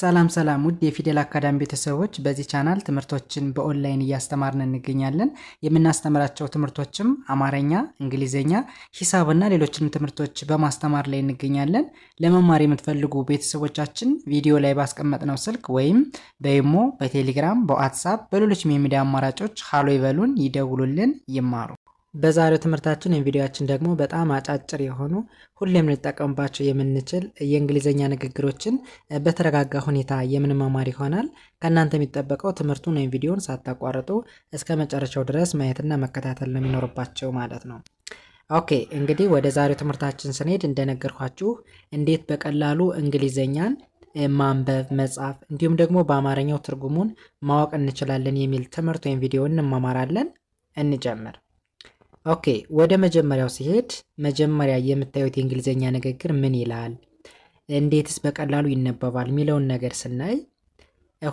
ሰላም ሰላም ውድ የፊደል አካዳሚ ቤተሰቦች፣ በዚህ ቻናል ትምህርቶችን በኦንላይን እያስተማርን እንገኛለን። የምናስተምራቸው ትምህርቶችም አማርኛ፣ እንግሊዝኛ፣ ሂሳብና ሌሎችንም ትምህርቶች በማስተማር ላይ እንገኛለን። ለመማር የምትፈልጉ ቤተሰቦቻችን ቪዲዮ ላይ ባስቀመጥነው ስልክ ወይም በይሞ በቴሌግራም፣ በዋትሳፕ፣ በሌሎች የሚዲያ አማራጮች ሀሎ ይበሉን፣ ይደውሉልን፣ ይማሩ። በዛሬው ትምህርታችን ቪዲዮችን ደግሞ በጣም አጫጭር የሆኑ ሁሌም ልንጠቀምባቸው የምንችል የእንግሊዝኛ ንግግሮችን በተረጋጋ ሁኔታ የምንመማር ይሆናል። ከእናንተ የሚጠበቀው ትምህርቱን ወይም ቪዲዮን ሳታቋርጡ እስከ መጨረሻው ድረስ ማየትና መከታተል ነው የሚኖርባቸው ማለት ነው። ኦኬ እንግዲህ ወደ ዛሬው ትምህርታችን ስንሄድ እንደነገርኳችሁ እንዴት በቀላሉ እንግሊዝኛን ማንበብ መጻፍ እንዲሁም ደግሞ በአማርኛው ትርጉሙን ማወቅ እንችላለን የሚል ትምህርት ወይም ቪዲዮ እንማማራለን። እንጀምር። ኦኬ ወደ መጀመሪያው ሲሄድ መጀመሪያ የምታዩት የእንግሊዝኛ ንግግር ምን ይላል፣ እንዴትስ በቀላሉ ይነበባል የሚለውን ነገር ስናይ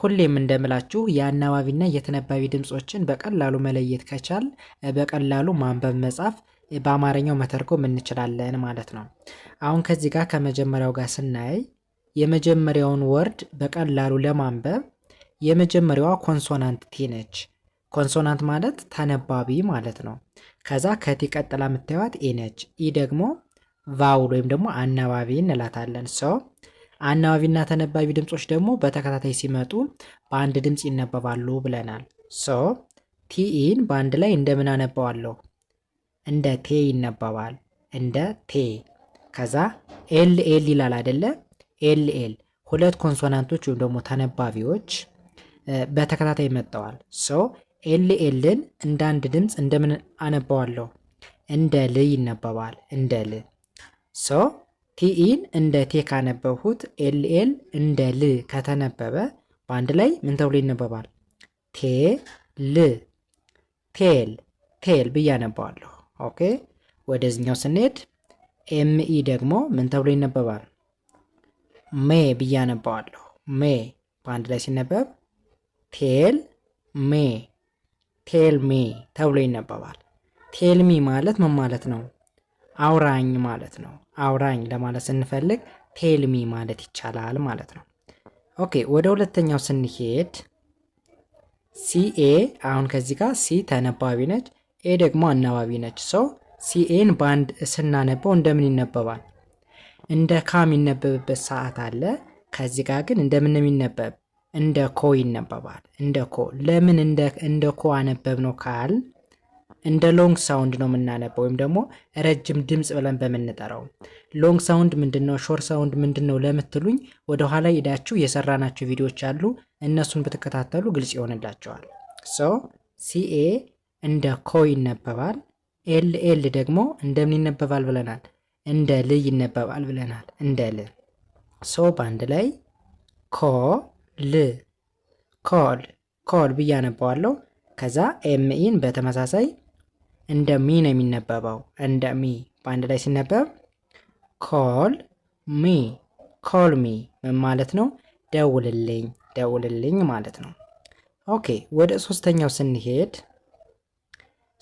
ሁሌም እንደምላችሁ የአናባቢና የተነባቢ ድምፆችን በቀላሉ መለየት ከቻል በቀላሉ ማንበብ መጻፍ በአማርኛው መተርጎም እንችላለን ማለት ነው። አሁን ከዚህ ጋር ከመጀመሪያው ጋር ስናይ የመጀመሪያውን ወርድ በቀላሉ ለማንበብ የመጀመሪያዋ ኮንሶናንት ቲ ነች። ኮንሶናንት ማለት ተነባቢ ማለት ነው። ከዛ ከቲ ቀጥላ የምታዩት ኢ ነች። ኢ ደግሞ ቫውል ወይም ደግሞ አናባቢ እንላታለን። ሰው እና ተነባቢ ድምፆች ደግሞ በተከታታይ ሲመጡ በአንድ ድምፅ ይነበባሉ ብለናል። ሶ ቲኢን በአንድ ላይ እንደምን አነባዋለሁ? እንደ ቴ ይነበባል። እንደ ቴ ከዛ ኤል ኤል ይላል አይደለ? ኤል ኤል ሁለት ኮንሶናንቶች ወይም ደግሞ ተነባቢዎች በተከታታይ መጥተዋል። ሶ ኤልኤልን እንደ አንድ ድምፅ እንደምን አነባዋለሁ? እንደ ል ይነበባል። እንደ ል ሶ ቲኢን እንደ ቴ ካነበብሁት ኤልኤል እንደ ል ከተነበበ በአንድ ላይ ምን ተብሎ ይነበባል? ቴ ል ቴል ቴል ብዬ አነባዋለሁ። ኦኬ ወደዚኛው ስንሄድ ኤምኢ ደግሞ ምን ተብሎ ይነበባል? ሜ ብዬ አነባዋለሁ። ሜ በአንድ ላይ ሲነበብ ቴል ሜ ቴልሜ ተብሎ ይነበባል። ቴልሚ ማለት ምን ማለት ነው? አውራኝ ማለት ነው። አውራኝ ለማለት ስንፈልግ ቴልሚ ማለት ይቻላል ማለት ነው። ኦኬ ወደ ሁለተኛው ስንሄድ ሲኤ አሁን ከዚህ ጋር ሲ ተነባቢ ነች፣ ኤ ደግሞ አናባቢ ነች። ሰው ሲኤን በአንድ ስናነበው እንደምን ይነበባል? እንደ ካ የሚነበብበት ሰዓት አለ። ከዚህ ጋር ግን እንደምን የሚነበብ እንደ ኮ ይነበባል። እንደ ኮ ለምን እንደ ኮ አነበብ ነው ካል እንደ ሎንግ ሳውንድ ነው የምናነበው፣ ወይም ደግሞ ረጅም ድምፅ ብለን በምንጠራው። ሎንግ ሳውንድ ምንድን ነው? ሾር ሳውንድ ምንድን ነው ለምትሉኝ፣ ወደኋላ ሄዳችሁ የሰራናቸው ቪዲዮዎች አሉ። እነሱን ብትከታተሉ ግልጽ ይሆንላቸዋል። ሶ ሲኤ እንደ ኮ ይነበባል። ኤል ኤል ደግሞ እንደምን ይነበባል ብለናል? እንደ ል ይነበባል ብለናል። እንደ ል ሶ በአንድ ላይ ኮ ል ኮል ኮል ብዬ አነባዋለሁ። ከዛ ኤምኢን በተመሳሳይ እንደ ሚ ነው የሚነበበው። እንደ ሚ በአንድ ላይ ሲነበብ ኮል ሚ ኮል ሚ ምን ማለት ነው? ደውልልኝ ደውልልኝ ማለት ነው። ኦኬ ወደ ሶስተኛው ስንሄድ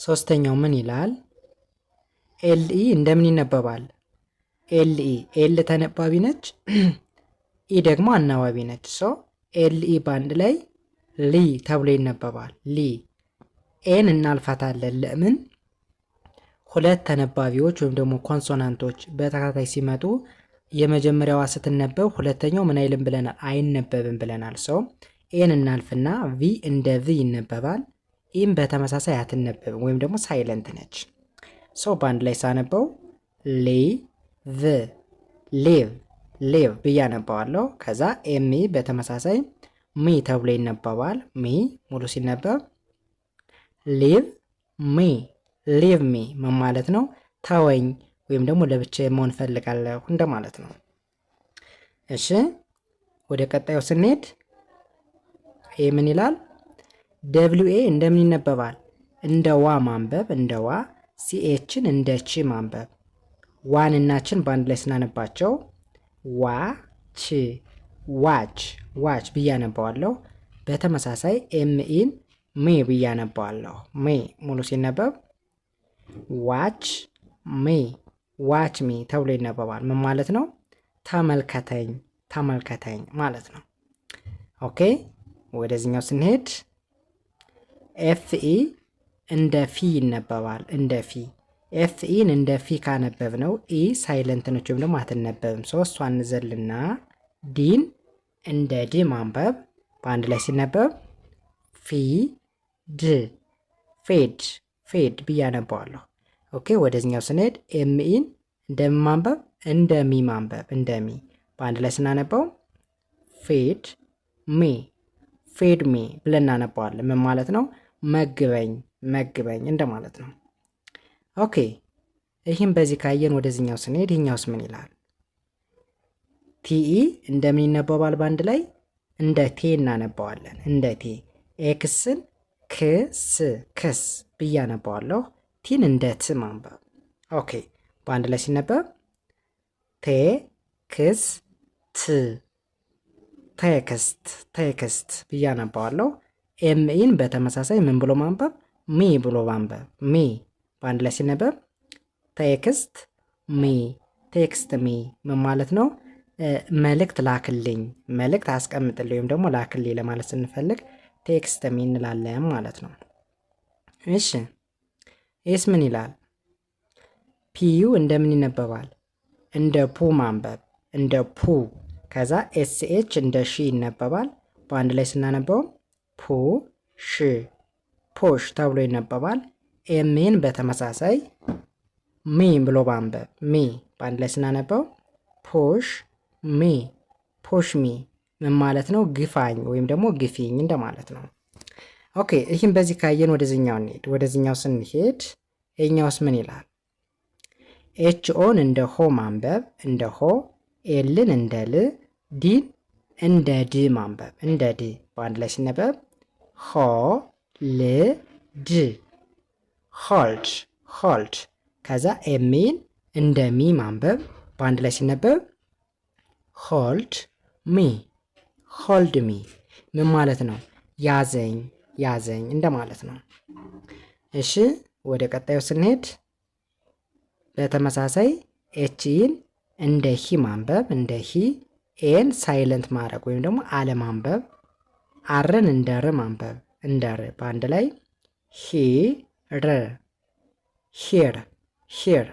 ሶስተኛው ምን ይላል? ኤልኢ እንደምን ይነበባል? ኤልኢ ኤል ተነባቢ ነች፣ ኢ ደግሞ አናባቢ ነች። ሶ ኤልኢ ባንድ ላይ ሊ ተብሎ ይነበባል። ሊ ኤን እናልፋታለን። ለምን ሁለት ተነባቢዎች ወይም ደግሞ ኮንሶናንቶች በተከታታይ ሲመጡ የመጀመሪያዋ ስትነበብ ሁለተኛው ምን አይልም ብለናል? አይነበብም ብለናል። ሰው ኤን እናልፍና ቪ እንደ ቪ ይነበባል። ኢም በተመሳሳይ አትነበብም ወይም ደግሞ ሳይለንት ነች። ሰው በአንድ ላይ ሳነበው ሌ ቭ ሌቭ ሌቭ ብዬ አነባዋለሁ። ከዛ ኤሚ በተመሳሳይ ሚ ተብሎ ይነበባል። ሚ ሙሉ ሲነበብ ሊቭ ሚ ሊቭ ሚ ምን ማለት ነው? ተወኝ ወይም ደግሞ ለብቻ መሆን ፈልጋለሁ እንደማለት ነው። እሺ ወደ ቀጣዩ ስንሄድ ይህ ምን ይላል? ደብሊው ኤ እንደምን ይነበባል? እንደ ዋ ማንበብ እንደ ዋ፣ ሲኤችን እንደ ቺ ማንበብ ዋንናችን በአንድ ላይ ስናነባቸው ዋች ዋች ዋች ብያነባዋለሁ። በተመሳሳይ ኤምኢን ሜ ብያነባዋለሁ። ሜ ሙሉ ሲነበብ ዋች ሜ ዋች ሜ ተብሎ ይነበባል። ምን ማለት ነው? ተመልከተኝ ተመልከተኝ ማለት ነው። ኦኬ ወደዚኛው ስንሄድ ኤፍኢ እንደ ፊ ይነበባል። እንደ ፊ ኤፍኢን እንደ ፊ ካነበብ ነው ኢ ሳይለንት ነች ወይም ደግሞ አትነበብም። ሶ እሷን ዲን እንደ ድ ማንበብ በአንድ ላይ ሲነበብ ፊ ድ ፌድ ፌድ ብዬ አነባዋለሁ። ኦኬ ወደዚኛው ስንሄድ ኤም ኢን እንደሚ ማንበብ እንደሚ ማንበብ እንደሚ በአንድ ላይ ስናነባው ፌድ ሜ ፌድ ሜ ብለን እናነባዋለን። ምን ማለት ነው? መግበኝ መግበኝ እንደማለት ነው። ኦኬ ይህም በዚህ ካየን ወደዚህኛው ስንሄድ ይህኛውስ ምን ይላል? ቲኢ እንደምን ይነበባል? በአንድ ላይ እንደ ቴ እናነባዋለን። እንደ ቴ ኤክስን ክስ ክስ ብዬ አነባዋለሁ። ቲን እንደ ት ማንበብ። ኦኬ በአንድ ላይ ሲነበብ ቴ ክስ ት ቴክስት ቴክስት ብያነባዋለሁ። ኤምኢን በተመሳሳይ ምን ብሎ ማንበብ? ሚ ብሎ ማንበብ ሚ በአንድ ላይ ሲነበብ ቴክስት ሚ ቴክስት ሚ ምን ማለት ነው? መልእክት ላክልኝ፣ መልእክት አስቀምጥልኝ ወይም ደግሞ ላክልኝ ለማለት ስንፈልግ ቴክስት ሚ እንላለን ማለት ነው። እሺ ይህስ ምን ይላል? ፒዩ እንደምን ይነበባል? እንደ ፑ ማንበብ እንደ ፑ ከዛ ኤስኤች እንደ ሺ ይነበባል። በአንድ ላይ ስናነበውም ፑ ሽ ፖሽ ተብሎ ይነበባል። ኤምን በተመሳሳይ ሚ ብሎ ማንበብ ሚ በአንድ ላይ ስናነበው ፖሽ ሚ ፖሽ ሚ ምን ማለት ነው? ግፋኝ ወይም ደግሞ ግፊኝ እንደማለት ነው። ኦኬ ይህም በዚህ ካየን ወደዚኛው እንሄድ። ወደዚኛው ስንሄድ ይኛውስ ምን ይላል? ኤች ኦን እንደ ሆ ማንበብ እንደ ሆ፣ ኤልን እንደ ል፣ ዲን እንደ ድ ማንበብ እንደ ድ። በአንድ ላይ ሲነበብ ሆ ል ድ ሆልድ ሆልድ ከዛ ኤሚን እንደ ሚ ማንበብ በአንድ ላይ ሲነበብ ሆልድ ሚ ሆልድ ሚ ምን ማለት ነው? ያዘኝ ያዘኝ እንደማለት ነው። እሺ ወደ ቀጣዩ ስንሄድ በተመሳሳይ ኤችኢን እንደ ሂ ማንበብ እንደ ሂ ኤን ሳይለንት ማድረግ ወይም ደግሞ አለማንበብ አርን እንደ ር ማንበብ እንደ ር በአንድ ላይ ሂ ር ሂር ሂር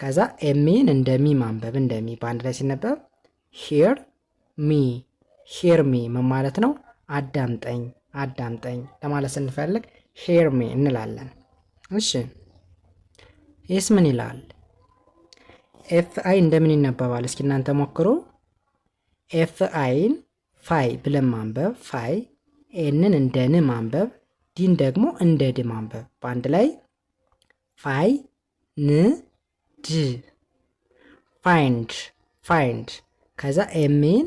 ከዛ ኤሚን እንደሚ ማንበብ እንደሚ በአንድ ላይ ሲነበብ ሂር ሚ ሂር ሚ ምን ማለት ነው? አዳምጠኝ አዳምጠኝ ለማለት ስንፈልግ ሂር ሚ እንላለን። እሺ ይህስ ምን ይላል? ኤፍ አይ እንደምን ይነበባል? እስኪ እናንተ ሞክሩ። ኤፍ አይን ፋይ ብለን ማንበብ ፋይ፣ ኤንን እንደ ን ማንበብ ዲን ደግሞ እንደ ድ ማንበብ በአንድ ላይ ፋይ ን ድ ፋይንድ ፋይንድ ከዛ ኤሜን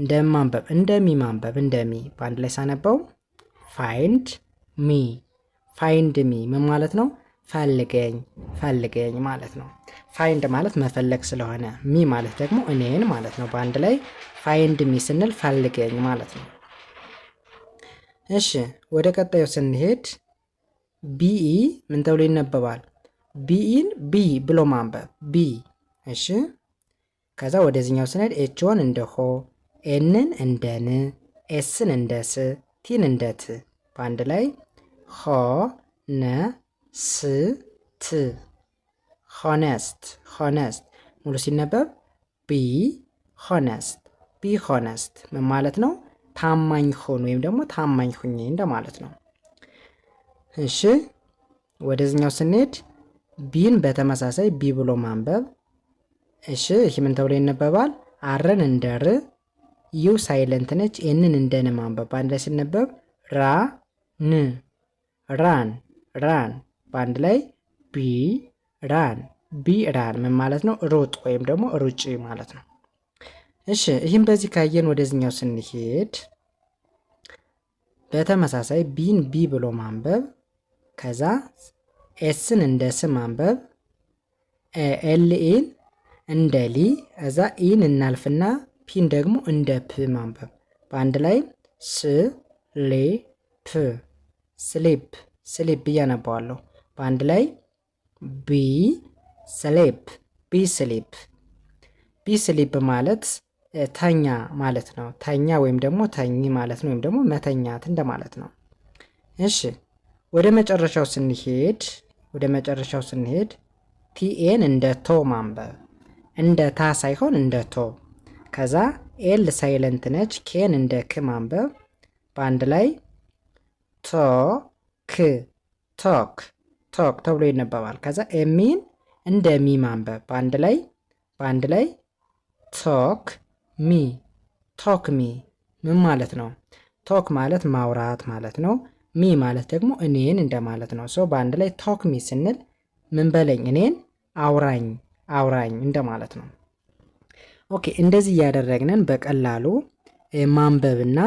እንደማንበብ እንደሚ ማንበብ እንደሚ በአንድ ላይ ሳነበው ፋይንድ ሚ ፋይንድ ሚ ምን ማለት ነው? ፈልገኝ ፈልገኝ ማለት ነው። ፋይንድ ማለት መፈለግ ስለሆነ ሚ ማለት ደግሞ እኔን ማለት ነው። በአንድ ላይ ፋይንድ ሚ ስንል ፈልገኝ ማለት ነው። እሺ ወደ ቀጣዩ ስንሄድ ቢኢ ምን ተብሎ ይነበባል? ቢኢን ቢ ብሎ ማንበብ ቢ። እሺ ከዛ ወደዚኛው ስንሄድ ኤችን እንደ ሆ፣ ኤንን እንደ ን፣ ኤስን እንደ ስ፣ ቲን እንደ ት በአንድ ላይ ሆ ነ ስ ት ሆነስት ሆነስት ሙሉ ሲነበብ ቢ ሆነስት ቢ ሆነስት ምን ማለት ነው? ታማኝ ሆን ወይም ደግሞ ታማኝ ሁኝ እንደማለት ነው። እሺ ወደዚኛው ስንሄድ ቢን በተመሳሳይ ቢ ብሎ ማንበብ። እሺ ይህ ምን ተብሎ ይነበባል? አረን እንደ ር፣ ዩ ሳይለንት ነች። ኤንን እንደ ን ማንበብ። በአንድ ላይ ሲነበብ ራ ን ራን ራን። በአንድ ላይ ቢ ራን ቢራን ምን ማለት ነው? ሩጥ ወይም ደግሞ ሩጪ ማለት ነው። እሺ ይህም በዚህ ካየን ወደዚኛው ስንሄድ በተመሳሳይ ቢን ቢ ብሎ ማንበብ ከዛ ኤስን እንደ ስ ማንበብ ኤልኢን እንደ ሊ እዛ ኢን እናልፍና ፒን ደግሞ እንደ ፕ ማንበብ በአንድ ላይ ስ ሌ ፕ ስሊፕ ስሊፕ እያነባዋለሁ በአንድ ላይ ቢ ስሊፕ ቢ ስሊፕ ቢ ስሊፕ ማለት ተኛ ማለት ነው። ተኛ ወይም ደግሞ ተኝ ማለት ነው። ወይም ደግሞ መተኛት እንደማለት ነው። እሺ ወደ መጨረሻው ስንሄድ ወደ መጨረሻው ስንሄድ ቲኤን እንደ ቶ ማንበብ እንደ ታ ሳይሆን እንደ ቶ። ከዛ ኤል ሳይለንት ነች። ኬን እንደ ክ ማንበብ በአንድ ላይ ቶ ክ ቶክ ቶክ ተብሎ ይነበባል። ከዛ ኤሚን እንደ ሚ ማንበብ በአንድ ላይ በአንድ ላይ ቶክ ሚ ቶክ ሚ ምን ማለት ነው? ቶክ ማለት ማውራት ማለት ነው። ሚ ማለት ደግሞ እኔን እንደማለት ነው። ሰው በአንድ ላይ ቶክ ሚ ስንል ምን በለኝ እኔን አውራኝ አውራኝ እንደማለት ነው። ኦኬ እንደዚህ እያደረግነን በቀላሉ ማንበብና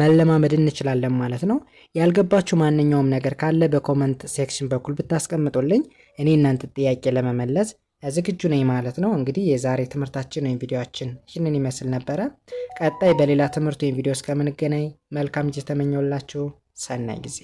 መለማመድ እንችላለን ማለት ነው። ያልገባችሁ ማንኛውም ነገር ካለ በኮመንት ሴክሽን በኩል ብታስቀምጡልኝ እኔ እናንተ ጥያቄ ለመመለስ ዝግጁ ነኝ ማለት ነው። እንግዲህ የዛሬ ትምህርታችን ወይም ቪዲዮችን ይህንን ይመስል ነበረ። ቀጣይ በሌላ ትምህርት ወይም ቪዲዮ እስከምንገናኝ መልካም ጊዜ ተመኘውላችሁ። ሰናይ ጊዜ